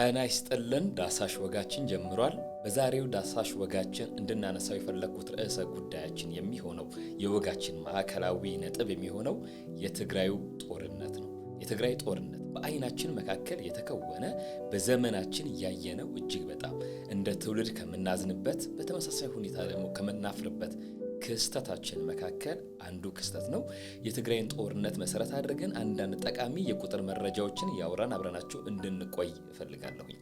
ጤና ይስጥልን። ዳሳሽ ወጋችን ጀምሯል። በዛሬው ዳሳሽ ወጋችን እንድናነሳው የፈለግኩት ርዕሰ ጉዳያችን የሚሆነው የወጋችን ማዕከላዊ ነጥብ የሚሆነው የትግራዩ ጦርነት ነው። የትግራይ ጦርነት በአይናችን መካከል የተከወነ በዘመናችን እያየነው እጅግ በጣም እንደ ትውልድ ከምናዝንበት፣ በተመሳሳይ ሁኔታ ደግሞ ከምናፍርበት ክስተታችን መካከል አንዱ ክስተት ነው። የትግራይን ጦርነት መሰረት አድርገን አንዳንድ ጠቃሚ የቁጥር መረጃዎችን ያውራን አብረናችሁ እንድንቆይ እፈልጋለሁኝ።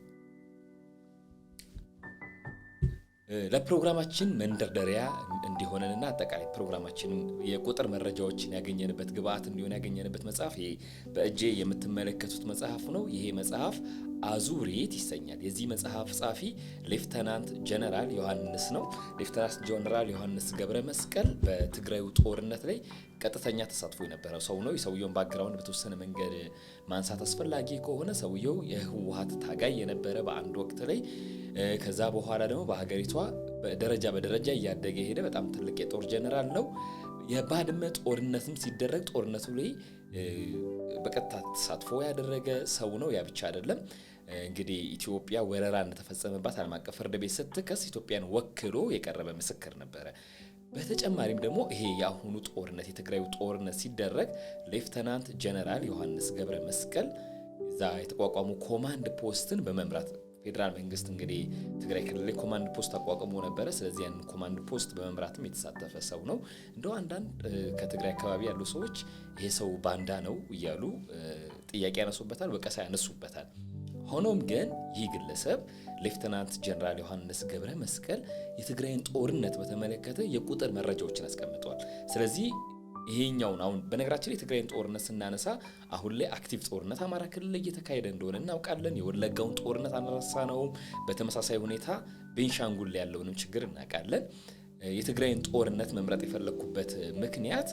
ለፕሮግራማችን መንደርደሪያ እንዲሆነንና አጠቃላይ ፕሮግራማችን የቁጥር መረጃዎችን ያገኘንበት ግብአት እንዲሆን ያገኘንበት መጽሐፍ ይሄ በእጄ የምትመለከቱት መጽሐፍ ነው። ይሄ መጽሐፍ አዙሪት ይሰኛል። የዚህ መጽሐፍ ጻፊ ሌፍተናንት ጀነራል ዮሐንስ ነው። ሌፍተናንት ጀነራል ዮሐንስ ገብረ መስቀል በትግራዩ ጦርነት ላይ ቀጥተኛ ተሳትፎ የነበረው ሰው ነው። የሰውየውን ባክግራውንድ በተወሰነ መንገድ ማንሳት አስፈላጊ ከሆነ ሰውየው የህወሀት ታጋይ የነበረ በአንድ ወቅት ላይ ከዛ በኋላ ደግሞ በሀገሪቷ ደረጃ በደረጃ እያደገ የሄደ በጣም ትልቅ የጦር ጀነራል ነው። የባድመ ጦርነትም ሲደረግ ጦርነቱ ላይ በቀጥታ ተሳትፎ ያደረገ ሰው ነው። ያ ብቻ አይደለም። እንግዲህ ኢትዮጵያ ወረራ እንደተፈጸመባት ዓለም አቀፍ ፍርድ ቤት ስትከስ ኢትዮጵያን ወክሎ የቀረበ ምስክር ነበረ። በተጨማሪም ደግሞ ይሄ የአሁኑ ጦርነት የትግራዩ ጦርነት ሲደረግ ሌፍተናንት ጀነራል ዮሐንስ ገብረ መስቀል እዛ የተቋቋሙ ኮማንድ ፖስትን በመምራት ፌዴራል መንግስት እንግዲህ ትግራይ ክልል ላይ ኮማንድ ፖስት አቋቁሞ ነበረ። ስለዚህ ያንን ኮማንድ ፖስት በመምራትም የተሳተፈ ሰው ነው። እንደው አንዳንድ ከትግራይ አካባቢ ያሉ ሰዎች ይሄ ሰው ባንዳ ነው እያሉ ጥያቄ ያነሱበታል፣ ወቀሳ ያነሱበታል። ሆኖም ግን ይህ ግለሰብ ሌፍትናንት ጀነራል ዮሐንስ ገብረ መስቀል የትግራይን ጦርነት በተመለከተ የቁጥር መረጃዎችን አስቀምጧል። ስለዚህ ይሄኛውን አሁን በነገራችን ላይ የትግራይን ጦርነት ስናነሳ አሁን ላይ አክቲቭ ጦርነት አማራ ክልል እየተካሄደ እንደሆነ እናውቃለን። የወለጋውን ጦርነት አላነሳነውም። በተመሳሳይ ሁኔታ ቤንሻንጉል ላይ ያለውንም ችግር እናውቃለን። የትግራይን ጦርነት መምረጥ የፈለግኩበት ምክንያት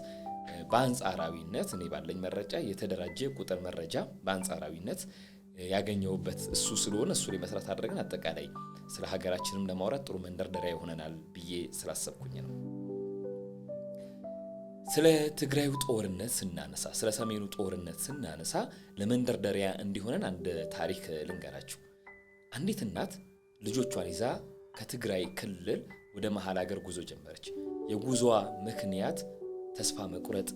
በአንጻራዊነት እኔ ባለኝ መረጃ የተደራጀ ቁጥር መረጃ በአንጻራዊነት ያገኘውበት እሱ ስለሆነ እሱ ላይ መስራት አድረግን አጠቃላይ ስለ ሀገራችንም ለማውራት ጥሩ መንደርደሪያ ይሆነናል ብዬ ስላሰብኩኝ ነው። ስለ ትግራዩ ጦርነት ስናነሳ ስለ ሰሜኑ ጦርነት ስናነሳ ለመንደርደሪያ እንዲሆነን አንድ ታሪክ ልንገራችሁ። አንዲት እናት ልጆቿን ይዛ ከትግራይ ክልል ወደ መሀል ሀገር ጉዞ ጀመረች። የጉዞዋ ምክንያት ተስፋ መቁረጥ፣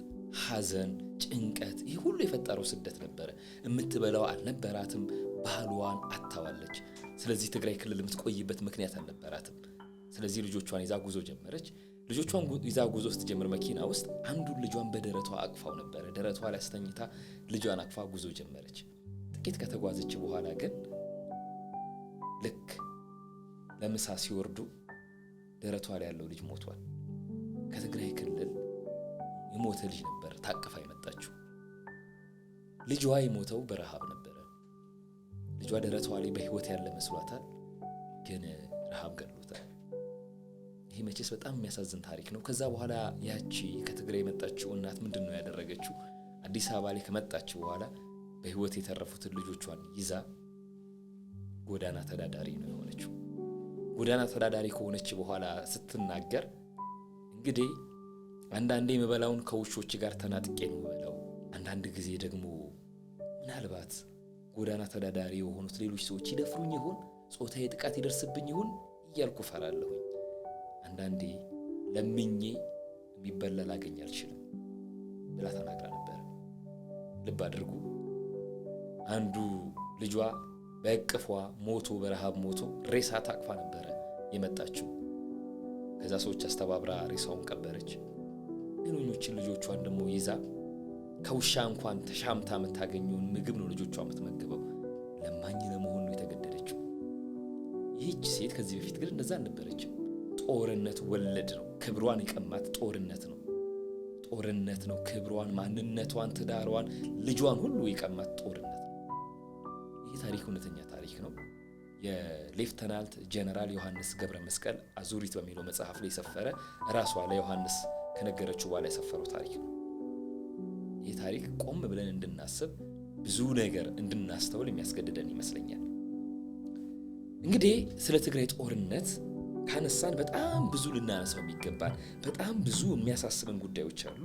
ሐዘን፣ ጭንቀት፣ ይህ ሁሉ የፈጠረው ስደት ነበረ። የምትበላው አልነበራትም፣ ባህሏን አታዋለች። ስለዚህ ትግራይ ክልል የምትቆይበት ምክንያት አልነበራትም። ስለዚህ ልጆቿን ይዛ ጉዞ ጀመረች። ልጆቿን ይዛ ጉዞ ስትጀምር መኪና ውስጥ አንዱን ልጇን በደረቷ አቅፋው ነበረ። ደረቷ ላይ አስተኝታ ልጇን አቅፋ ጉዞ ጀመረች። ጥቂት ከተጓዘች በኋላ ግን ልክ ለምሳ ሲወርዱ ደረቷ ላይ ያለው ልጅ ሞቷል። ከትግራይ ክልል የሞተ ልጅ ነበር ታቅፋ የመጣችው። ልጇ የሞተው በረሃብ ነበረ። ልጇ ደረቷ ላይ በህይወት ያለ መስሏታል፣ ግን ረሃብ ገድሏል። ይሄ መቼስ በጣም የሚያሳዝን ታሪክ ነው። ከዛ በኋላ ያቺ ከትግራይ የመጣችው እናት ምንድን ነው ያደረገችው? አዲስ አበባ ላይ ከመጣችው በኋላ በህይወት የተረፉትን ልጆቿን ይዛ ጎዳና ተዳዳሪ ነው የሆነችው። ጎዳና ተዳዳሪ ከሆነች በኋላ ስትናገር እንግዲህ አንዳንዴ የምበላውን ከውሾች ጋር ተናጥቄ ነው የምበላው፣ አንዳንድ ጊዜ ደግሞ ምናልባት ጎዳና ተዳዳሪ የሆኑት ሌሎች ሰዎች ይደፍሩኝ ይሆን፣ ጾታዊ ጥቃት ይደርስብኝ ይሆን እያልኩ እፈራለሁኝ አንዳንዴ ለምኜ የሚበላ ላገኝ አልችልም ብላ ተናግራ ነበር። ልብ አድርጉ። አንዱ ልጇ በእቅፏ ሞቶ በረሃብ ሞቶ ሬሳ ታቅፋ ነበረ የመጣችው። ከዛ ሰዎች አስተባብራ ሬሳውን ቀበረች። ሌሎኞችን ልጆቿን ደግሞ ይዛ ከውሻ እንኳን ተሻምታ የምታገኘውን ምግብ ነው ልጆቿ የምትመግበው። ለማኝ ለመሆን ነው የተገደደችው። ይህች ሴት ከዚህ በፊት ግን እንደዛ አልነበረችም። ጦርነት ወለድ ነው። ክብሯን የቀማት ጦርነት ነው። ጦርነት ነው። ክብሯን፣ ማንነቷን፣ ትዳሯን፣ ልጇን ሁሉ የቀማት ጦርነት ነው። ይህ ታሪክ እውነተኛ ታሪክ ነው። የሌፍተናንት ጀነራል ዮሐንስ ገብረ መስቀል አዙሪት በሚለው መጽሐፍ ላይ የሰፈረ ራሷ ለዮሐንስ ከነገረችው በኋላ የሰፈረው ታሪክ ነው። ይህ ታሪክ ቆም ብለን እንድናስብ ብዙ ነገር እንድናስተውል የሚያስገድደን ይመስለኛል። እንግዲህ ስለ ትግራይ ጦርነት ካነሳን በጣም ብዙ ልናነሳው የሚገባን በጣም ብዙ የሚያሳስበን ጉዳዮች አሉ።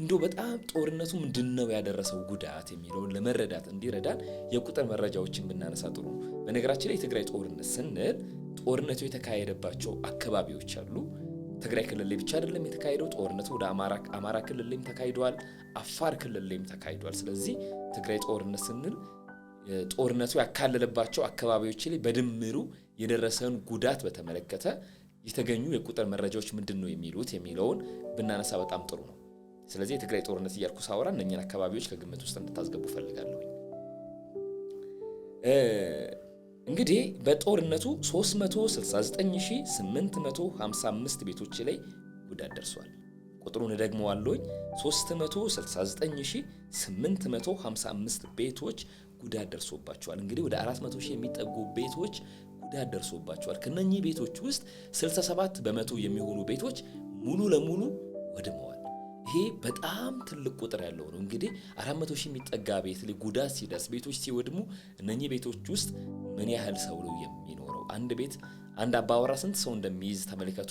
እንዶ በጣም ጦርነቱ ምንድን ነው ያደረሰው ጉዳት የሚለውን ለመረዳት እንዲረዳን የቁጥር መረጃዎችን ብናነሳ ጥሩ ነው። በነገራችን ላይ የትግራይ ጦርነት ስንል ጦርነቱ የተካሄደባቸው አካባቢዎች አሉ። ትግራይ ክልል ላይ ብቻ አይደለም የተካሄደው ጦርነቱ፣ ወደ አማራ ክልል ላይም ተካሂደዋል፣ አፋር ክልል ላይም ተካሂደዋል። ስለዚህ ትግራይ ጦርነት ስንል ጦርነቱ ያካለለባቸው አካባቢዎች ላይ በድምሩ የደረሰውን ጉዳት በተመለከተ የተገኙ የቁጥር መረጃዎች ምንድን ነው የሚሉት የሚለውን ብናነሳ በጣም ጥሩ ነው። ስለዚህ የትግራይ ጦርነት እያልኩ ሳወራ እነኛን አካባቢዎች ከግምት ውስጥ እንድታስገቡ ፈልጋለሁ እንግዲህ በጦርነቱ 369855 ቤቶች ላይ ጉዳት ደርሷል። ቁጥሩን ደግመዋለሁኝ 369855 ቤቶች ጉዳት ደርሶባቸዋል። እንግዲህ ወደ 400 ሺህ የሚጠጉ ቤቶች ጉዳት ደርሶባቸዋል። ከነኚህ ቤቶች ውስጥ 67 በመቶ የሚሆኑ ቤቶች ሙሉ ለሙሉ ወድመዋል። ይሄ በጣም ትልቅ ቁጥር ያለው ነው። እንግዲህ 400 ሺህ የሚጠጋ ቤት ላይ ጉዳት ሲደርስ ቤቶች ሲወድሙ እነኚህ ቤቶች ውስጥ ምን ያህል ሰው ነው የሚኖረው? አንድ ቤት አንድ አባወራ ስንት ሰው እንደሚይዝ ተመልከቱ።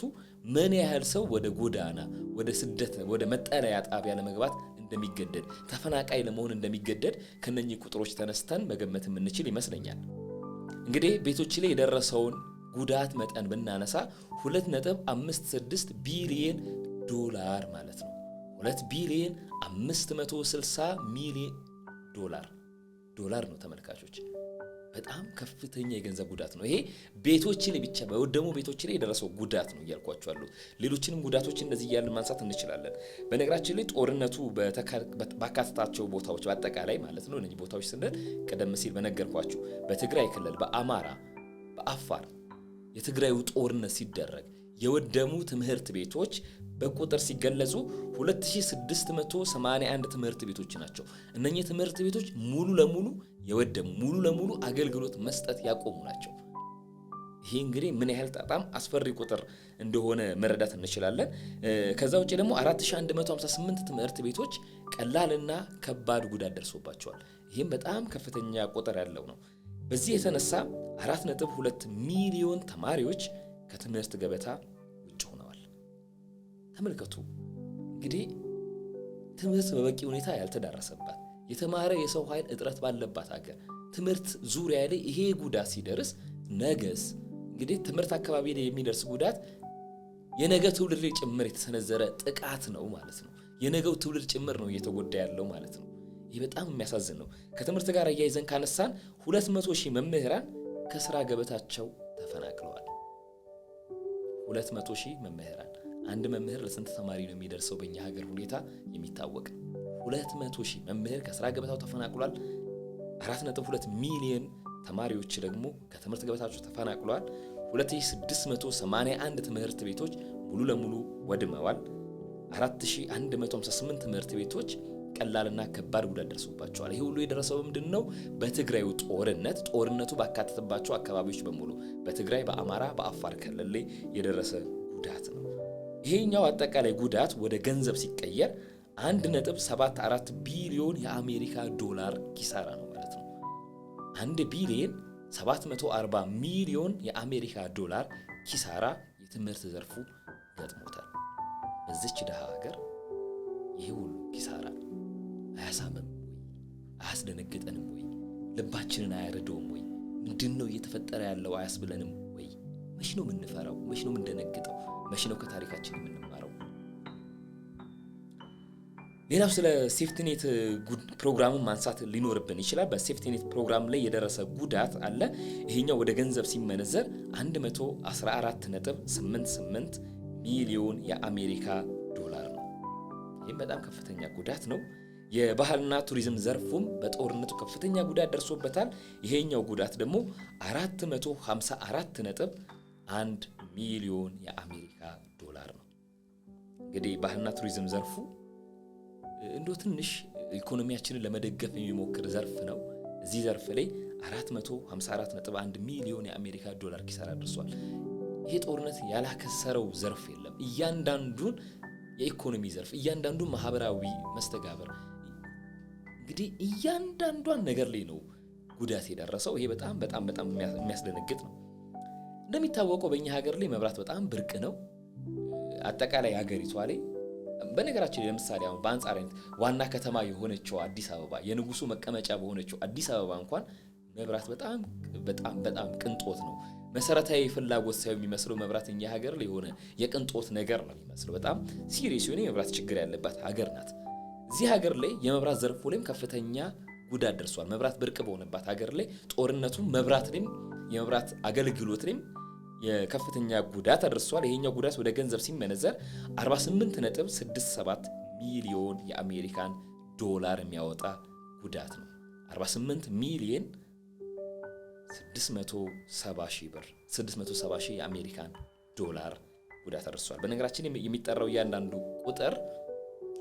ምን ያህል ሰው ወደ ጎዳና፣ ወደ ስደት፣ ወደ መጠለያ ጣቢያ ለመግባት እንደሚገደድ ተፈናቃይ ለመሆን እንደሚገደድ ከነኚህ ቁጥሮች ተነስተን መገመት የምንችል ይመስለኛል። እንግዲህ ቤቶች ላይ የደረሰውን ጉዳት መጠን ብናነሳ 2.56 ቢሊየን ዶላር ማለት ነው። 2 ቢሊየን 560 ሚሊዮን ዶላር ዶላር ነው ተመልካቾች። በጣም ከፍተኛ የገንዘብ ጉዳት ነው። ይሄ ቤቶች ላይ ብቻ በወደሙ ቤቶች ላይ የደረሰው ጉዳት ነው እያልኳቸዋለሁ። ሌሎችንም ጉዳቶች እንደዚህ እያልን ማንሳት እንችላለን። በነገራችን ላይ ጦርነቱ ባካተታቸው ቦታዎች በአጠቃላይ ማለት ነው እነዚህ ቦታዎች ስንል ቀደም ሲል በነገርኳችሁ በትግራይ ክልል፣ በአማራ፣ በአፋር የትግራዩ ጦርነት ሲደረግ የወደሙ ትምህርት ቤቶች በቁጥር ሲገለጹ 2681 ትምህርት ቤቶች ናቸው። እነኚህ ትምህርት ቤቶች ሙሉ ለሙሉ የወደሙ ሙሉ ለሙሉ አገልግሎት መስጠት ያቆሙ ናቸው። ይሄ እንግዲህ ምን ያህል በጣም አስፈሪ ቁጥር እንደሆነ መረዳት እንችላለን። ከዛ ውጭ ደግሞ 4158 ትምህርት ቤቶች ቀላልና ከባድ ጉዳት ደርሶባቸዋል። ይህም በጣም ከፍተኛ ቁጥር ያለው ነው። በዚህ የተነሳ 4.2 ሚሊዮን ተማሪዎች ከትምህርት ገበታ ተመልከቱ እንግዲህ ትምህርት በበቂ ሁኔታ ያልተዳረሰባት የተማረ የሰው ኃይል እጥረት ባለባት ሀገር ትምህርት ዙሪያ ላይ ይሄ ጉዳት ሲደርስ ነገስ እንግዲህ ትምህርት አካባቢ ላይ የሚደርስ ጉዳት የነገ ትውልድ ላይ ጭምር የተሰነዘረ ጥቃት ነው ማለት ነው። የነገው ትውልድ ጭምር ነው እየተጎዳ ያለው ማለት ነው። ይህ በጣም የሚያሳዝን ነው። ከትምህርት ጋር እያይዘን ካነሳን ሁለት መቶ ሺህ መምህራን ከስራ ገበታቸው ተፈናቅለዋል። ሁለት መቶ ሺህ መምህራን አንድ መምህር ለስንት ተማሪ ነው የሚደርሰው? በእኛ ሀገር ሁኔታ የሚታወቅ ሁለት መቶ ሺህ መምህር ከስራ ገበታው ተፈናቅሏል። አራት ነጥብ ሁለት ሚሊዮን ተማሪዎች ደግሞ ከትምህርት ገበታቸው ተፈናቅሏል። 2681 ትምህርት ቤቶች ሙሉ ለሙሉ ወድመዋል። 4158 ትምህርት ቤቶች ቀላልና ከባድ ጉዳት ደርሶባቸዋል። ይህ ሁሉ የደረሰው ምንድን ነው? በትግራዩ ጦርነት ጦርነቱ ባካተተባቸው አካባቢዎች በሙሉ በትግራይ፣ በአማራ፣ በአፋር ክልል የደረሰ ጉዳት ነው። ይሄኛው አጠቃላይ ጉዳት ወደ ገንዘብ ሲቀየር 1.74 ቢሊዮን የአሜሪካ ዶላር ኪሳራ ነው ማለት ነው። 1 ቢሊዮን 740 ሚሊዮን የአሜሪካ ዶላር ኪሳራ የትምህርት ዘርፉ ገጥሞታል። በዚች ድሃ ሀገር ይህ ሁሉ ኪሳራ አያሳምም ወይ? አያስደነግጠንም ወይ? ልባችንን አያረደውም ወይ? ምንድን ነው እየተፈጠረ ያለው አያስብለንም ወይ? መች ነው የምንፈራው? መች ነው የምንደነግጠው? መቼ ነው ከታሪካችን የምንማረው? ሌላው ስለ ሴፍቲኔት ፕሮግራም ማንሳት ሊኖርብን ይችላል። በሴፍቲኔት ፕሮግራም ላይ የደረሰ ጉዳት አለ። ይሄኛው ወደ ገንዘብ ሲመነዘር 114.88 ሚሊዮን የአሜሪካ ዶላር ነው። ይህም በጣም ከፍተኛ ጉዳት ነው። የባህልና ቱሪዝም ዘርፉም በጦርነቱ ከፍተኛ ጉዳት ደርሶበታል። ይሄኛው ጉዳት ደግሞ 454 ነጥብ 1 ሚሊዮን የአሜሪካ ዶላር ነው። እንግዲህ ባህልና ቱሪዝም ዘርፉ እንዶ ትንሽ ኢኮኖሚያችንን ለመደገፍ የሚሞክር ዘርፍ ነው። እዚህ ዘርፍ ላይ 454.1 ሚሊዮን የአሜሪካ ዶላር ኪሳራ ደርሷል። ይሄ ጦርነት ያላከሰረው ዘርፍ የለም። እያንዳንዱን የኢኮኖሚ ዘርፍ፣ እያንዳንዱ ማህበራዊ መስተጋበር እንግዲህ እያንዳንዷን ነገር ላይ ነው ጉዳት የደረሰው። ይሄ በጣም በጣም በጣም የሚያስደነግጥ ነው። እንደሚታወቀው በእኛ ሀገር ላይ መብራት በጣም ብርቅ ነው። አጠቃላይ ሀገሪቷ ላይ በነገራችን ለምሳሌ አሁን በአንጻራዊነት ዋና ከተማ የሆነችው አዲስ አበባ የንጉሱ መቀመጫ በሆነችው አዲስ አበባ እንኳን መብራት በጣም በጣም በጣም ቅንጦት ነው። መሰረታዊ ፍላጎት ሳይሆን የሚመስለው መብራት እኛ ሀገር ላይ የሆነ የቅንጦት ነገር ነው የሚመስለው። በጣም ሲሪየስ የሆነ የመብራት ችግር ያለባት ሀገር ናት። እዚህ ሀገር ላይ የመብራት ዘርፉ ላይም ከፍተኛ ጉዳት ደርሷል። መብራት ብርቅ በሆነባት ሀገር ላይ ጦርነቱ መብራት ላይም የመብራት አገልግሎት ላይም የከፍተኛ ጉዳት አድርሷል። ይሄኛው ጉዳት ወደ ገንዘብ ሲመነዘር 48.67 ሚሊዮን የአሜሪካን ዶላር የሚያወጣ ጉዳት ነው። 48 ሚሊዮን 670 ሺህ ብር 670 ሺህ የአሜሪካን ዶላር ጉዳት አድርሷል። በነገራችን የሚጠራው እያንዳንዱ ቁጥር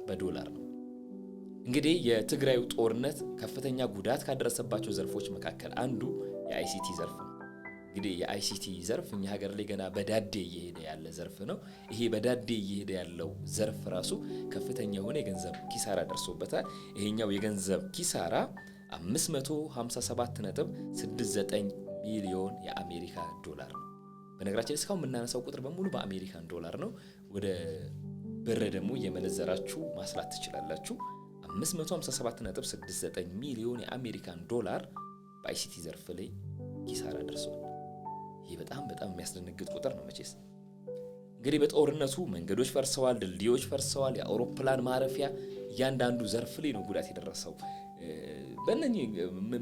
በዶላር ነው። እንግዲህ የትግራዩ ጦርነት ከፍተኛ ጉዳት ካደረሰባቸው ዘርፎች መካከል አንዱ የአይሲቲ ዘርፍ ነው። እንግዲህ የአይሲቲ ዘርፍ እኛ ሀገር ላይ ገና በዳዴ እየሄደ ያለ ዘርፍ ነው። ይሄ በዳዴ እየሄደ ያለው ዘርፍ ራሱ ከፍተኛ የሆነ የገንዘብ ኪሳራ ደርሶበታል። ይሄኛው የገንዘብ ኪሳራ 557.69 ሚሊዮን የአሜሪካ ዶላር ነው። በነገራችን እስካሁን የምናነሳው ቁጥር በሙሉ በአሜሪካን ዶላር ነው። ወደ ብር ደግሞ እየመነዘራችሁ ማስላት ትችላላችሁ። 557.69 ሚሊዮን የአሜሪካን ዶላር በአይሲቲ ዘርፍ ላይ ኪሳራ ደርሷል። ይህ በጣም በጣም የሚያስደነግጥ ቁጥር ነው። መቼስ እንግዲህ በጦርነቱ መንገዶች ፈርሰዋል፣ ድልድዮች ፈርሰዋል፣ የአውሮፕላን ማረፊያ እያንዳንዱ ዘርፍ ላይ ነው ጉዳት የደረሰው። በእነኚህ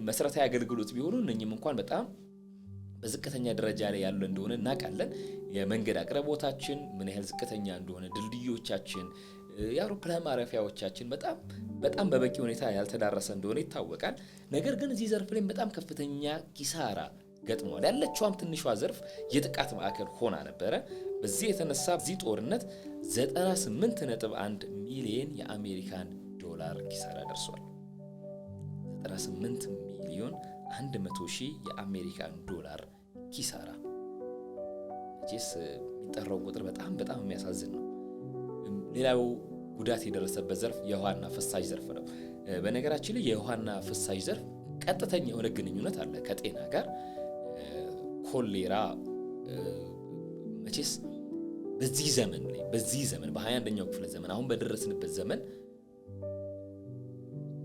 መሰረታዊ አገልግሎት ቢሆኑ እነኚህም እንኳን በጣም በዝቅተኛ ደረጃ ላይ ያለ እንደሆነ እናውቃለን። የመንገድ አቅርቦታችን ምን ያህል ዝቅተኛ እንደሆነ፣ ድልድዮቻችን፣ የአውሮፕላን ማረፊያዎቻችን በጣም በጣም በበቂ ሁኔታ ያልተዳረሰ እንደሆነ ይታወቃል። ነገር ግን እዚህ ዘርፍ ላይም በጣም ከፍተኛ ኪሳራ ገጥመዋል። ያለችዋም ትንሿ ዘርፍ የጥቃት ማዕከል ሆና ነበረ። በዚህ የተነሳ በዚህ ጦርነት 98.1 ሚሊዮን የአሜሪካን ዶላር ኪሳራ ደርሷል። 98 ሚሊዮን 100 ሺህ የአሜሪካን ዶላር ኪሳራ። መቼስ የሚጠራው ቁጥር በጣም በጣም የሚያሳዝን ነው። ሌላው ጉዳት የደረሰበት ዘርፍ የውሃና ፍሳሽ ዘርፍ ነው። በነገራችን ላይ የውሃና ፍሳሽ ዘርፍ ቀጥተኛ የሆነ ግንኙነት አለ ከጤና ጋር ኮሌራ መቼስ በዚህ ዘመን ላይ በዚህ ዘመን በ21ኛው ክፍለ ዘመን አሁን በደረስንበት ዘመን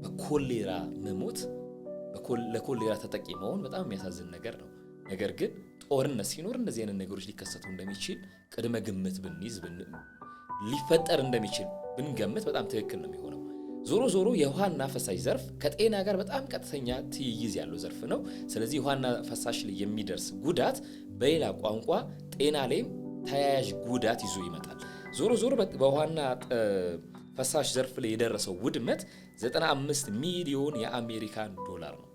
በኮሌራ መሞት ለኮሌራ ተጠቂ መሆን በጣም የሚያሳዝን ነገር ነው። ነገር ግን ጦርነት ሲኖር እንደዚህ አይነት ነገሮች ሊከሰቱ እንደሚችል ቅድመ ግምት ብንይዝ ሊፈጠር እንደሚችል ብንገምት በጣም ትክክል ነው የሚሆነው። ዞሮ ዞሮ የውሃና ፈሳሽ ዘርፍ ከጤና ጋር በጣም ቀጥተኛ ትይይዝ ያለው ዘርፍ ነው። ስለዚህ ውሃና ፈሳሽ ላይ የሚደርስ ጉዳት በሌላ ቋንቋ ጤና ላይም ተያያዥ ጉዳት ይዞ ይመጣል። ዞሮ ዞሮ በውሃና ፈሳሽ ዘርፍ ላይ የደረሰው ውድመት 95 ሚሊዮን የአሜሪካን ዶላር ነው።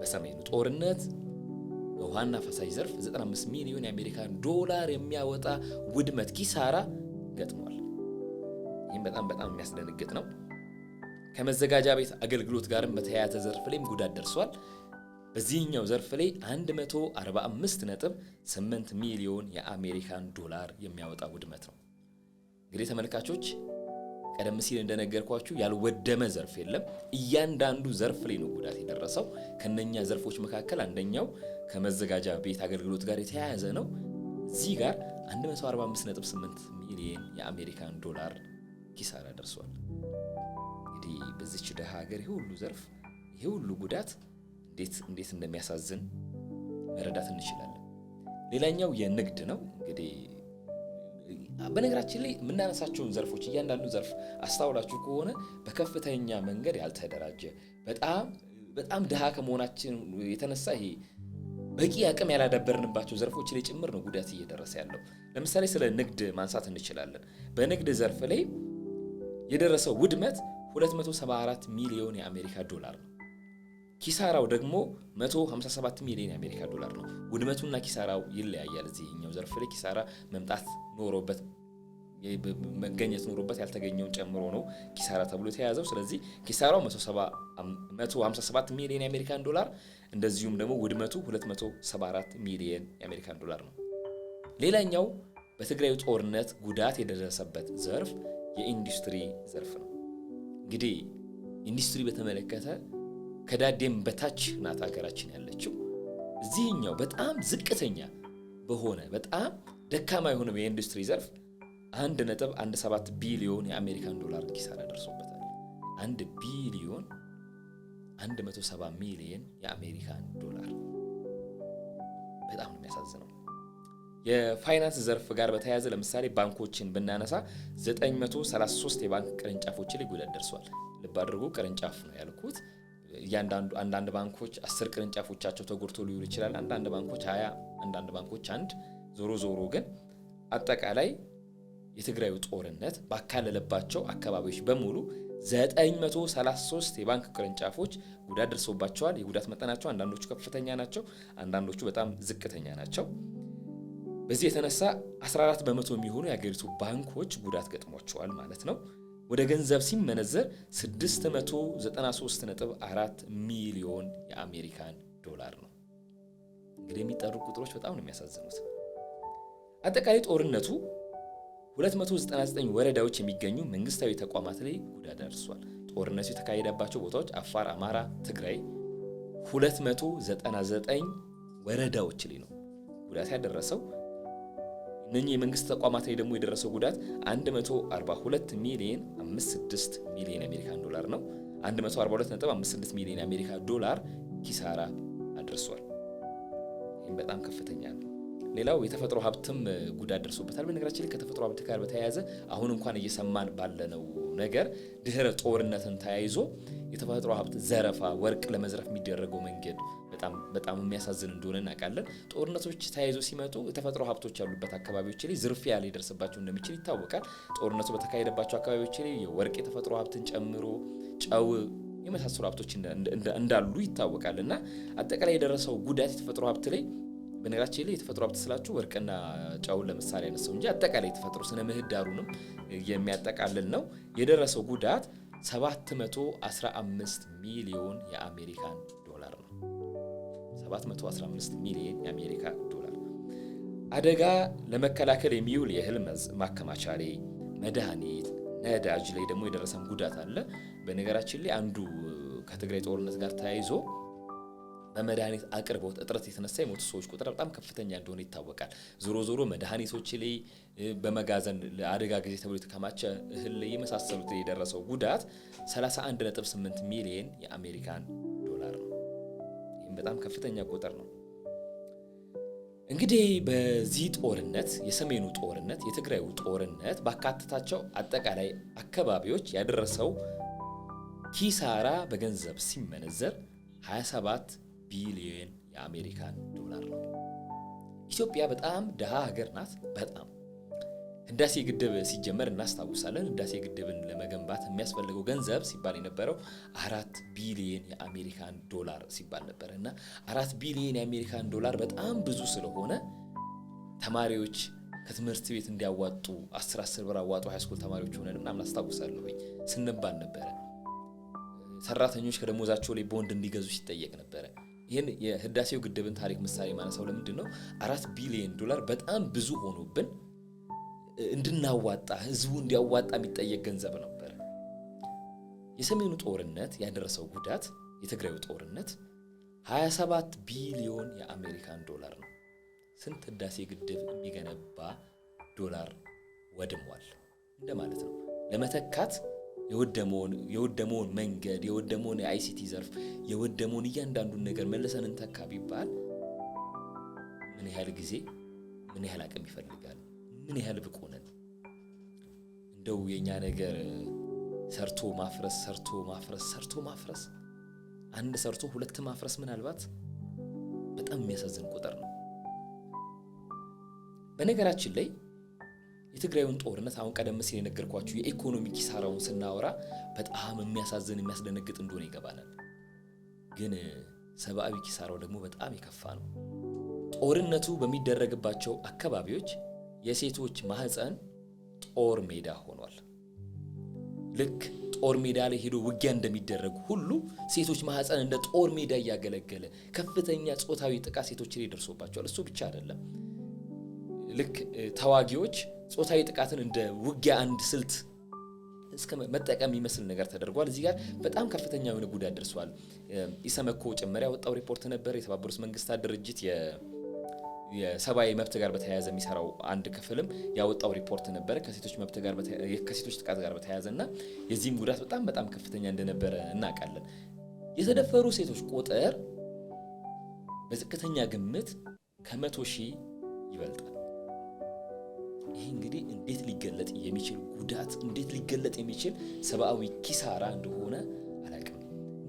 በሰሜኑ ጦርነት በውሃና ፈሳሽ ዘርፍ 95 ሚሊዮን የአሜሪካን ዶላር የሚያወጣ ውድመት ኪሳራ ገጥሟል። ይህም በጣም በጣም የሚያስደነግጥ ነው። ከመዘጋጃ ቤት አገልግሎት ጋርም በተያያዘ ዘርፍ ላይም ጉዳት ደርሷል። በዚህኛው ዘርፍ ላይ 145 ነጥብ 8 ሚሊዮን የአሜሪካን ዶላር የሚያወጣ ውድመት ነው። እንግዲህ ተመልካቾች ቀደም ሲል እንደነገርኳችሁ ያልወደመ ዘርፍ የለም። እያንዳንዱ ዘርፍ ላይ ነው ጉዳት የደረሰው። ከነኛ ዘርፎች መካከል አንደኛው ከመዘጋጃ ቤት አገልግሎት ጋር የተያያዘ ነው። እዚህ ጋር 145.8 ሚሊዮን የአሜሪካን ዶላር ኪሳራ ደርሷል። እንዲህ በዚች ደሃ ሀገር ይሄ ሁሉ ዘርፍ ይሄ ሁሉ ጉዳት እንዴት እንዴት እንደሚያሳዝን መረዳት እንችላለን። ሌላኛው የንግድ ነው እንግዲህ በነገራችን ላይ የምናነሳቸውን ዘርፎች እያንዳንዱ ዘርፍ አስታውላችሁ ከሆነ በከፍተኛ መንገድ ያልተደራጀ በጣም በጣም ድሃ ከመሆናችን የተነሳ ይሄ በቂ አቅም ያላዳበርንባቸው ዘርፎች ላይ ጭምር ነው ጉዳት እየደረሰ ያለው። ለምሳሌ ስለ ንግድ ማንሳት እንችላለን። በንግድ ዘርፍ ላይ የደረሰው ውድመት 274 ሚሊዮን የአሜሪካ ዶላር ነው። ኪሳራው ደግሞ 157 ሚሊዮን የአሜሪካ ዶላር ነው። ውድመቱና ኪሳራው ይለያያል። እዚህኛው ዘርፍ ላይ ኪሳራ መምጣት ኖሮበት መገኘት ኖሮበት ያልተገኘውን ጨምሮ ነው ኪሳራ ተብሎ የተያዘው። ስለዚህ ኪሳራው 157 ሚሊዮን የአሜሪካን ዶላር እንደዚሁም ደግሞ ውድመቱ 274 ሚሊዮን የአሜሪካን ዶላር ነው። ሌላኛው በትግራይ ጦርነት ጉዳት የደረሰበት ዘርፍ የኢንዱስትሪ ዘርፍ ነው። እንግዲህ ኢንዱስትሪ በተመለከተ ከዳዴም በታች ናት ሀገራችን ያለችው። እዚህኛው በጣም ዝቅተኛ በሆነ በጣም ደካማ የሆነው የኢንዱስትሪ ዘርፍ አንድ ነጥብ አንድ ሰባት ቢሊዮን የአሜሪካን ዶላር ኪሳራ ደርሶበታል። አንድ ቢሊዮን 170 ሚሊየን የአሜሪካን ዶላር በጣም ነው የሚያሳዝነው። የፋይናንስ ዘርፍ ጋር በተያያዘ ለምሳሌ ባንኮችን ብናነሳ 933 የባንክ ቅርንጫፎች ላይ ጉዳት ደርሷል። ልብ አድርጉ፣ ቅርንጫፍ ነው ያልኩት። እያንዳንዱ አንዳንድ ባንኮች አስር ቅርንጫፎቻቸው ተጎድቶ ሊውል ይችላል። አንዳንድ ባንኮች ሀያ አንዳንድ ባንኮች አንድ። ዞሮ ዞሮ ግን አጠቃላይ የትግራዩ ጦርነት ባካለለባቸው አካባቢዎች በሙሉ 933 የባንክ ቅርንጫፎች ጉዳት ደርሶባቸዋል። የጉዳት መጠናቸው አንዳንዶቹ ከፍተኛ ናቸው፣ አንዳንዶቹ በጣም ዝቅተኛ ናቸው። በዚህ የተነሳ 14 በመቶ የሚሆኑ የአገሪቱ ባንኮች ጉዳት ገጥሟቸዋል ማለት ነው። ወደ ገንዘብ ሲመነዘር 693.4 ሚሊዮን የአሜሪካን ዶላር ነው። እንግዲህ የሚጠሩ ቁጥሮች በጣም ነው የሚያሳዝኑት። አጠቃላይ ጦርነቱ 299 ወረዳዎች የሚገኙ መንግስታዊ ተቋማት ላይ ጉዳት ደርሷል። ጦርነቱ የተካሄደባቸው ቦታዎች አፋር፣ አማራ፣ ትግራይ 299 ወረዳዎች ላይ ነው ጉዳት ያደረሰው። እነኚህ የመንግስት ተቋማት ላይ ደግሞ የደረሰው ጉዳት 142 ሚሊዮን 56 ሚሊዮን አሜሪካን ዶላር ነው። 142.56 ሚሊዮን አሜሪካ ዶላር ኪሳራ አድርሷል። ይህም በጣም ከፍተኛ ነው። ሌላው የተፈጥሮ ሀብትም ጉዳት ደርሶበታል። በነገራችን ላይ ከተፈጥሮ ሀብት ጋር በተያያዘ አሁን እንኳን እየሰማን ባለነው ነገር ድህረ ጦርነትን ተያይዞ የተፈጥሮ ሀብት ዘረፋ፣ ወርቅ ለመዝረፍ የሚደረገው መንገድ በጣም በጣም የሚያሳዝን እንደሆነ እናውቃለን። ጦርነቶች ተያይዞ ሲመጡ የተፈጥሮ ሀብቶች ያሉበት አካባቢዎች ላይ ዝርፊያ ሊደርስባቸው እንደሚችል ይታወቃል። ጦርነቱ በተካሄደባቸው አካባቢዎች ላይ የወርቅ የተፈጥሮ ሀብትን ጨምሮ ጨው የመሳሰሉ ሀብቶች እንዳሉ ይታወቃል እና አጠቃላይ የደረሰው ጉዳት የተፈጥሮ ሀብት ላይ በነገራችን ላይ የተፈጥሮ ሀብት ስላችሁ ወርቅና ጨውን ለምሳሌ ያነሳው እንጂ አጠቃላይ የተፈጥሮ ስነ ምህዳሩንም የሚያጠቃልል ነው። የደረሰው ጉዳት 715 ሚሊዮን የአሜሪካን 715 ሚሊዮን የአሜሪካ ዶላር፣ አደጋ ለመከላከል የሚውል የእህል ማከማቻ ላይ መድኃኒት፣ ነዳጅ ላይ ደግሞ የደረሰን ጉዳት አለ። በነገራችን ላይ አንዱ ከትግራይ ጦርነት ጋር ተያይዞ በመድኃኒት አቅርቦት እጥረት የተነሳ የሞቱ ሰዎች ቁጥር በጣም ከፍተኛ እንደሆነ ይታወቃል። ዞሮ ዞሮ መድኃኒቶች ላይ በመጋዘን ለአደጋ ጊዜ ተብሎ የተከማቸ እህል ላይ የመሳሰሉት የደረሰው ጉዳት 31.8 ሚሊየን የአሜሪካን በጣም ከፍተኛ ቁጥር ነው። እንግዲህ በዚህ ጦርነት የሰሜኑ ጦርነት የትግራዩ ጦርነት ባካተታቸው አጠቃላይ አካባቢዎች ያደረሰው ኪሳራ በገንዘብ ሲመነዘር 27 ቢሊዮን የአሜሪካን ዶላር ነው። ኢትዮጵያ በጣም ድሃ ሀገር ናት። በጣም ህዳሴ ግድብ ሲጀመር እናስታውሳለን። ህዳሴ ግድብን ለመገንባት የሚያስፈልገው ገንዘብ ሲባል የነበረው አራት ቢሊየን የአሜሪካን ዶላር ሲባል ነበር እና አራት ቢሊየን የአሜሪካን ዶላር በጣም ብዙ ስለሆነ ተማሪዎች ከትምህርት ቤት እንዲያዋጡ አስር አስር ብር አዋጡ ሃይስኩል ተማሪዎች ሆነን ምናምን አስታውሳለሁኝ ስንባል ነበረ። ሰራተኞች ከደሞዛቸው ላይ ቦንድ እንዲገዙ ሲጠየቅ ነበረ። ይህን የህዳሴው ግድብን ታሪክ ምሳሌ ማነሳው ለምንድን ነው? አራት ቢሊየን ዶላር በጣም ብዙ ሆኖብን እንድናዋጣ ህዝቡ እንዲያዋጣ የሚጠየቅ ገንዘብ ነበር። የሰሜኑ ጦርነት ያደረሰው ጉዳት የትግራዩ ጦርነት 27 ቢሊዮን የአሜሪካን ዶላር ነው። ስንት ህዳሴ ግድብ የሚገነባ ዶላር ወድሟል እንደማለት ነው። ለመተካት የወደመውን መንገድ፣ የወደመውን የአይሲቲ ዘርፍ፣ የወደመውን እያንዳንዱን ነገር መልሰን እንተካ ቢባል ምን ያህል ጊዜ ምን ያህል አቅም ይፈልጋል? ምን ያህል ብቁ ነን? እንደው የእኛ ነገር ሰርቶ ማፍረስ ሰርቶ ማፍረስ ሰርቶ ማፍረስ፣ አንድ ሰርቶ ሁለት ማፍረስ ምናልባት በጣም የሚያሳዝን ቁጥር ነው። በነገራችን ላይ የትግራዩን ጦርነት አሁን ቀደም ሲል የነገርኳችሁ የኢኮኖሚ ኪሳራውን ስናወራ በጣም የሚያሳዝን የሚያስደነግጥ እንደሆነ ይገባናል። ግን ሰብአዊ ኪሳራው ደግሞ በጣም የከፋ ነው። ጦርነቱ በሚደረግባቸው አካባቢዎች የሴቶች ማህፀን ጦር ሜዳ ሆኗል። ልክ ጦር ሜዳ ላይ ሄዶ ውጊያ እንደሚደረጉ ሁሉ ሴቶች ማህፀን እንደ ጦር ሜዳ እያገለገለ ከፍተኛ ጾታዊ ጥቃት ሴቶች ላይ ደርሶባቸዋል። እሱ ብቻ አይደለም። ልክ ተዋጊዎች ፆታዊ ጥቃትን እንደ ውጊያ አንድ ስልት እስከ መጠቀም የሚመስል ነገር ተደርጓል። እዚህ ጋር በጣም ከፍተኛ የሆነ ጉዳት ደርሷል። ኢሰመኮ ጭመሪያ ወጣው ሪፖርት ነበር። የተባበሩት መንግስታት ድርጅት የሰብአዊ መብት ጋር በተያያዘ የሚሰራው አንድ ክፍልም ያወጣው ሪፖርት ነበረ ከሴቶች መብት ጋር ከሴቶች ጥቃት ጋር በተያያዘ እና የዚህም ጉዳት በጣም በጣም ከፍተኛ እንደነበረ እናውቃለን። የተደፈሩ ሴቶች ቁጥር በዝቅተኛ ግምት ከመቶ ሺህ ይበልጣል። ይህ እንግዲህ እንዴት ሊገለጥ የሚችል ጉዳት እንዴት ሊገለጥ የሚችል ሰብአዊ ኪሳራ እንደሆነ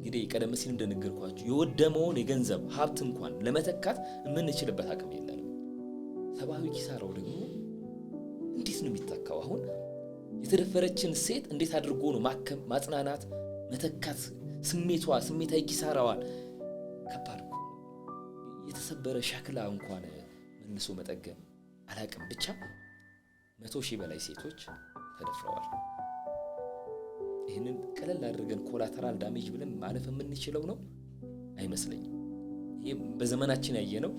እንግዲህ ቀደም ሲል እንደነገርኳችሁ የወደመውን የገንዘብ ሀብት እንኳን ለመተካት የምንችልበት አቅም የለንም። ሰብአዊ ኪሳራው ደግሞ እንዴት ነው የሚታካው? አሁን የተደፈረችን ሴት እንዴት አድርጎ ነው ማከም፣ ማጽናናት፣ መተካት ስሜቷ ስሜታዊ ኪሳራዋን ከባድ የተሰበረ ሸክላ እንኳን መልሶ መጠገም አላቅም። ብቻ መቶ ሺህ በላይ ሴቶች ተደፍረዋል። ይህንን ቀለል አድርገን ኮላተራል ዳሜጅ ብለን ማለፍ የምንችለው ነው አይመስለኝም። ይህ በዘመናችን ያየነው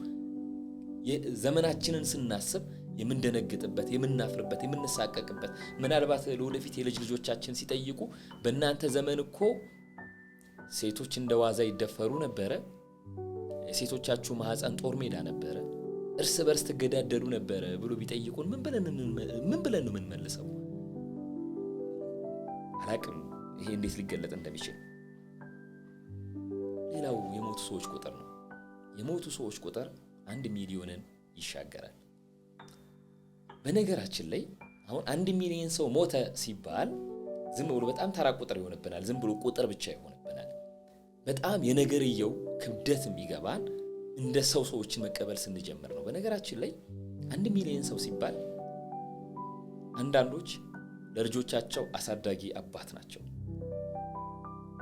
ዘመናችንን ስናስብ የምንደነግጥበት፣ የምናፍርበት፣ የምንሳቀቅበት ምናልባት ለወደፊት የልጅ ልጆቻችን ሲጠይቁ በእናንተ ዘመን እኮ ሴቶች እንደ ዋዛ ይደፈሩ ነበረ፣ የሴቶቻችሁ ማህፀን ጦር ሜዳ ነበረ፣ እርስ በርስ ትገዳደሉ ነበረ ብሎ ቢጠይቁን ምን ብለን ነው የምንመልሰው? አያውቅም ይሄ እንዴት ሊገለጥ እንደሚችል። ሌላው የሞቱ ሰዎች ቁጥር ነው። የሞቱ ሰዎች ቁጥር አንድ ሚሊዮንን ይሻገራል። በነገራችን ላይ አሁን አንድ ሚሊዮን ሰው ሞተ ሲባል ዝም ብሎ በጣም ተራ ቁጥር ይሆንብናል። ዝም ብሎ ቁጥር ብቻ ይሆንብናል። በጣም የነገርየው ክብደት የሚገባን እንደ ሰው ሰዎችን መቀበል ስንጀምር ነው። በነገራችን ላይ አንድ ሚሊዮን ሰው ሲባል አንዳንዶች ለልጆቻቸው አሳዳጊ አባት ናቸው።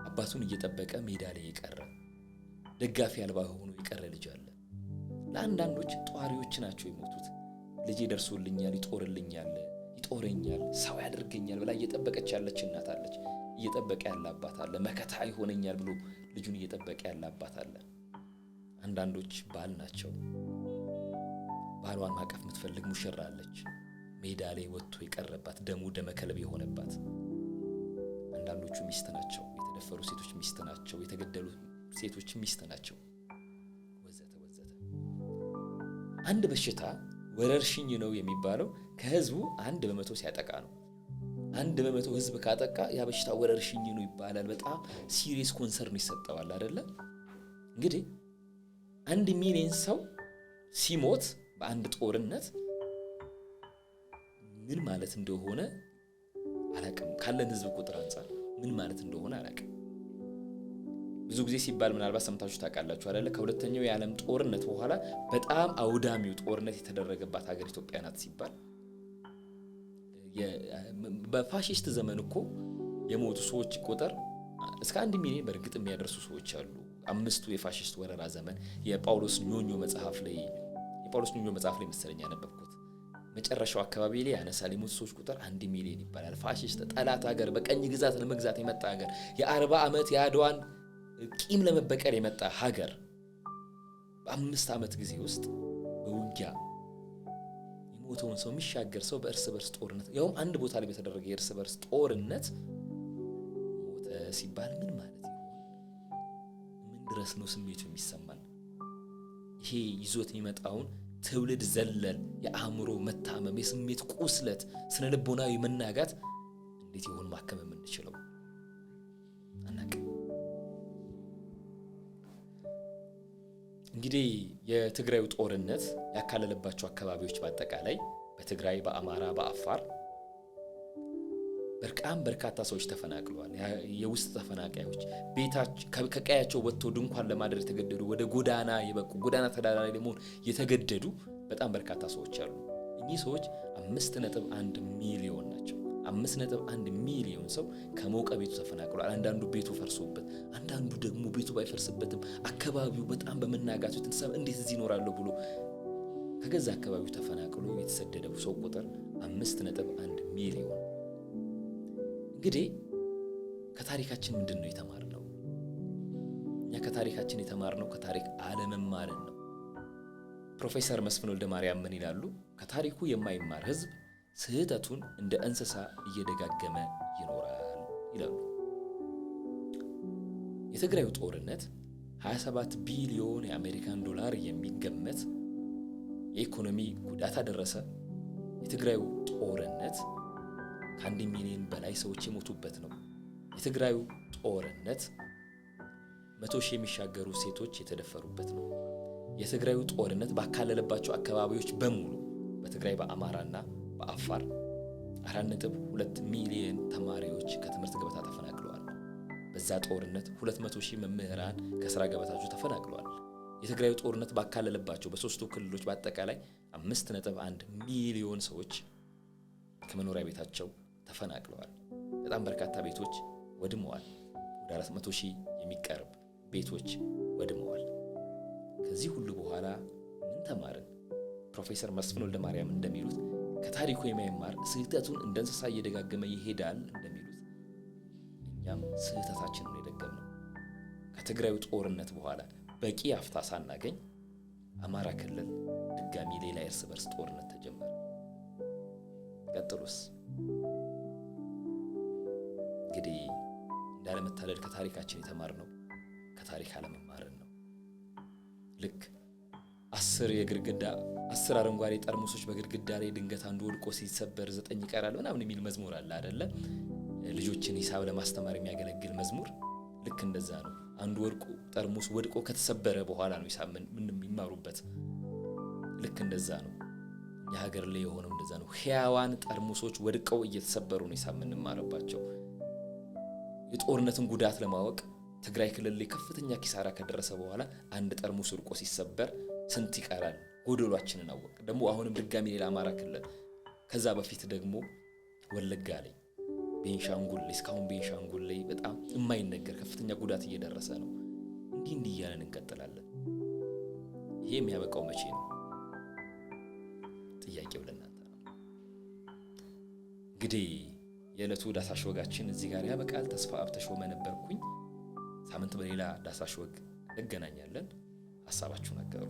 አባቱን እየጠበቀ ሜዳ ላይ የቀረ ደጋፊ አልባ ሆኖ የቀረ ልጅ አለ። ለአንዳንዶች ጧሪዎች ናቸው የሞቱት። ልጄ ደርሶልኛል፣ ይጦርልኛል፣ ይጦረኛል፣ ሰው ያደርገኛል ብላ እየጠበቀች ያለች እናት አለች። እየጠበቀ ያለ አባት አለ። መከታ ይሆነኛል ብሎ ልጁን እየጠበቀ ያለ አባት አለ። አንዳንዶች ባል ናቸው። ባሏን ማቀፍ የምትፈልግ ሙሽራ አለች። ሜዳ ላይ ወጥቶ የቀረባት ደሙ ደመከለብ የሆነባት አንዳንዶቹ ሚስት ናቸው፣ የተደፈሩ ሴቶች ሚስት ናቸው፣ የተገደሉ ሴቶች ሚስት ናቸው፣ ወዘተ ወዘተ። አንድ በሽታ ወረርሽኝ ነው የሚባለው ከህዝቡ አንድ በመቶ ሲያጠቃ ነው። አንድ በመቶ ህዝብ ካጠቃ ያ በሽታ ወረርሽኝ ነው ይባላል። በጣም ሲሪየስ ኮንሰርን ይሰጠዋል አደለ እንግዲህ አንድ ሚሊዮን ሰው ሲሞት በአንድ ጦርነት ምን ማለት እንደሆነ አላቅም። ካለን ህዝብ ቁጥር አንጻር ምን ማለት እንደሆነ አላቅም። ብዙ ጊዜ ሲባል ምናልባት ሰምታችሁ ታውቃላችሁ አይደለ? ከሁለተኛው የዓለም ጦርነት በኋላ በጣም አውዳሚው ጦርነት የተደረገባት ሀገር ኢትዮጵያ ናት ሲባል በፋሽስት ዘመን እኮ የሞቱ ሰዎች ቁጥር እስከ አንድ ሚሊዮን በእርግጥ የሚያደርሱ ሰዎች አሉ። አምስቱ የፋሽስት ወረራ ዘመን የጳውሎስ ኞኞ መጽሐፍ ላይ የጳውሎስ ኞኞ መጽሐፍ ላይ መሰለኝ ያነበብኩት መጨረሻው አካባቢ ላይ ያነሳል። የሞቱ ሰዎች ቁጥር አንድ ሚሊዮን ይባላል። ፋሽስት ጠላት ሀገር በቀኝ ግዛት ለመግዛት የመጣ ሀገር የአርባ ዓመት የአድዋን ቂም ለመበቀል የመጣ ሀገር በአምስት ዓመት ጊዜ ውስጥ በውጊያ የሞተውን ሰው የሚሻገር ሰው በእርስ በርስ ጦርነት ያውም አንድ ቦታ ላይ በተደረገ የእርስ በርስ ጦርነት ሞተ ሲባል ምን ማለት ነው? ምን ድረስ ነው ስሜቱ የሚሰማን? ይሄ ይዞት የሚመጣውን ትውልድ ዘለል የአእምሮ መታመም፣ የስሜት ቁስለት፣ ስነ ልቦናዊ መናጋት እንዴት ይሆን ማከም የምንችለው? አናቅም። እንግዲህ የትግራዩ ጦርነት ያካለለባቸው አካባቢዎች በአጠቃላይ በትግራይ፣ በአማራ፣ በአፋር በጣም በርካታ ሰዎች ተፈናቅለዋል። የውስጥ ተፈናቃዮች ቤታች ከቀያቸው ወጥቶ ድንኳን ለማደር የተገደዱ ወደ ጎዳና የበቁ ጎዳና ተዳዳሪ ለመሆን የተገደዱ በጣም በርካታ ሰዎች አሉ። እኚህ ሰዎች አምስት ነጥብ አንድ ሚሊዮን ናቸው። አምስት ነጥብ አንድ ሚሊዮን ሰው ከሞቀ ቤቱ ተፈናቅሏል። አንዳንዱ ቤቱ ፈርሶበት፣ አንዳንዱ ደግሞ ቤቱ ባይፈርስበትም አካባቢው በጣም በመናጋቱ የተነሳ እንዴት እዚህ ይኖራለሁ ብሎ ከገዛ አካባቢው ተፈናቅሎ የተሰደደው ሰው ቁጥር አምስት ነጥብ አንድ ሚሊዮን እንግዲህ ከታሪካችን ምንድን ነው የተማርነው? እኛ ከታሪካችን የተማርነው ከታሪክ አለመማርን ነው። ፕሮፌሰር መስፍን ወልደ ማርያም ምን ይላሉ? ከታሪኩ የማይማር ህዝብ ስህተቱን እንደ እንስሳ እየደጋገመ ይኖራል ይላሉ። የትግራዩ ጦርነት 27 ቢሊዮን የአሜሪካን ዶላር የሚገመት የኢኮኖሚ ጉዳት አደረሰ። የትግራዩ ጦርነት ከአንድ ሚሊዮን በላይ ሰዎች የሞቱበት ነው። የትግራዩ ጦርነት መቶ ሺህ የሚሻገሩ ሴቶች የተደፈሩበት ነው። የትግራዩ ጦርነት ባካለለባቸው አካባቢዎች በሙሉ በትግራይ በአማራና በአፋር አራት ነጥብ ሁለት ሚሊዮን ተማሪዎች ከትምህርት ገበታ ተፈናቅለዋል። በዛ ጦርነት ሁለት መቶ ሺህ መምህራን ከስራ ገበታቸው ተፈናቅለዋል። የትግራዩ ጦርነት ባካለለባቸው በሶስቱ ክልሎች በአጠቃላይ አምስት ነጥብ አንድ ሚሊዮን ሰዎች ከመኖሪያ ቤታቸው ተፈናቅለዋል። በጣም በርካታ ቤቶች ወድመዋል። ወደ 400 ሺህ የሚቀርብ ቤቶች ወድመዋል። ከዚህ ሁሉ በኋላ ምን ተማርን? ፕሮፌሰር መስፍን ወልደ ማርያም እንደሚሉት ከታሪኩ የማይማር ስህተቱን እንደ እንስሳ እየደጋገመ ይሄዳል እንደሚሉት እኛም ስህተታችንን የደገምነው ከትግራዩ ጦርነት በኋላ በቂ አፍታ ሳናገኝ አማራ ክልል ድጋሚ ሌላ የእርስ በርስ ጦርነት ተጀመረ። ቀጥሎስ? እንግዲህ እንዳለመታደል ከታሪካችን የተማርነው ከታሪክ አለመማርን ነው። ልክ አስር የግድግዳ አስር አረንጓዴ ጠርሙሶች በግድግዳ ላይ ድንገት አንዱ ወድቆ ሲሰበር ዘጠኝ ይቀራል ምናምን የሚል መዝሙር አለ አደለ? ልጆችን ሂሳብ ለማስተማር የሚያገለግል መዝሙር ልክ እንደዛ ነው። አንዱ ወድቆ ጠርሙስ ወድቆ ከተሰበረ በኋላ ነው ሂሳብ ምን የሚማሩበት። ልክ እንደዛ ነው። የሀገር ላይ የሆነው እንደዛ ነው። ሕያዋን ጠርሙሶች ወድቀው እየተሰበሩ ነው ሂሳብ የምንማርባቸው። የጦርነትን ጉዳት ለማወቅ ትግራይ ክልል ላይ ከፍተኛ ኪሳራ ከደረሰ በኋላ አንድ ጠርሙስ ወድቆ ሲሰበር ስንት ይቀራል ጎደሏችንን አወቅ። ደግሞ አሁንም ድጋሚ ሌላ አማራ ክልል፣ ከዛ በፊት ደግሞ ወለጋ ላይ፣ ቤንሻንጉል ላይ እስካሁን ቤንሻንጉል ላይ በጣም የማይነገር ከፍተኛ ጉዳት እየደረሰ ነው። እንዲህ እንዲህ እያለን እንቀጥላለን። ይሄ የሚያበቃው መቼ ነው? ጥያቄው ለእናንተ ነው እንግዲህ የዕለቱ ዳሳሽ ወጋችን እዚህ ጋር ያበቃል። ተስፋ አብ ተሾመ ነበርኩኝ። ሳምንት በሌላ ዳሳሽ ወግ እንገናኛለን። ሀሳባችሁ ነገሩ